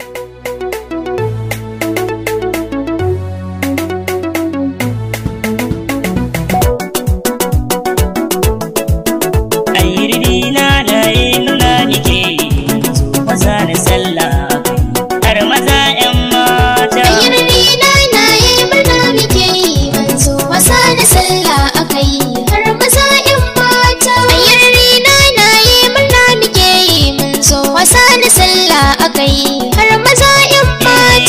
you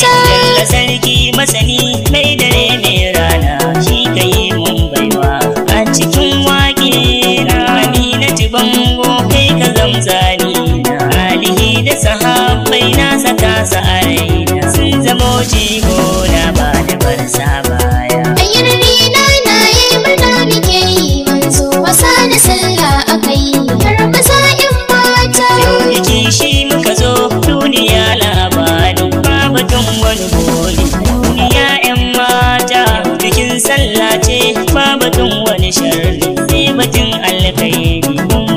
can sarki masani mai dare mai rana shi ka yi mun baiwa a cikin wake rani na bango kai ka zamzani na alihi da sahabbai na saka sa a raina sun zamo wani sharri sai batun alkhairi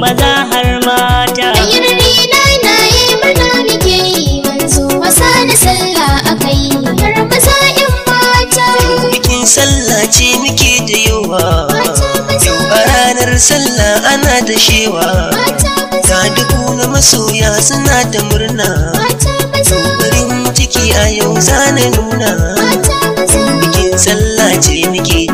maza har mata ayyurbi na na yi mana nake yi manzo masa sallah akai har yan mata bikin sallah ce muke da yawa yau a ranar sallah ana da shewa ga duku na masoya suna da murna yau farin ciki a yau zana nuna bikin sallah ce muke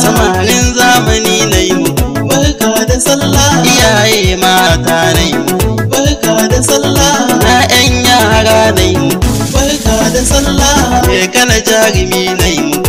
samanin zamani na yi muku barka da sallah iyaye mata na yi muku barka da sallah na yan yara na yi muku barka da sallah kana jarumi na yi muku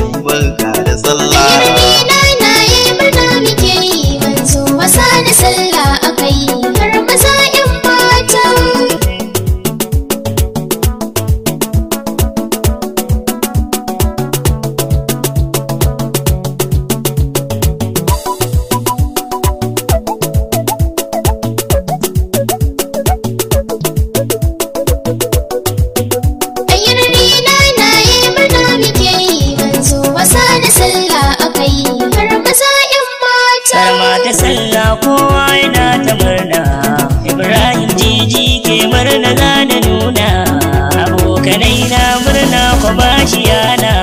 ji ke murna za na nuna abokanai na murna ku ba shi yana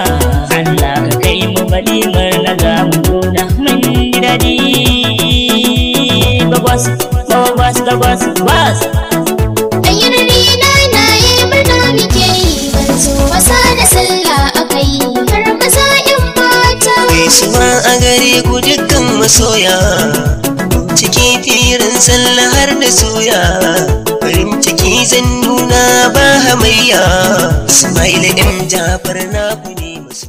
Allah ka kai mu bali murna za mu nuna mun yi dadi bagwas bagwas bagwas bas Soya, a gare ku ciki firin sallah har da soya zan nuna ba hamayya Ismail ɗan Jafar na ku ne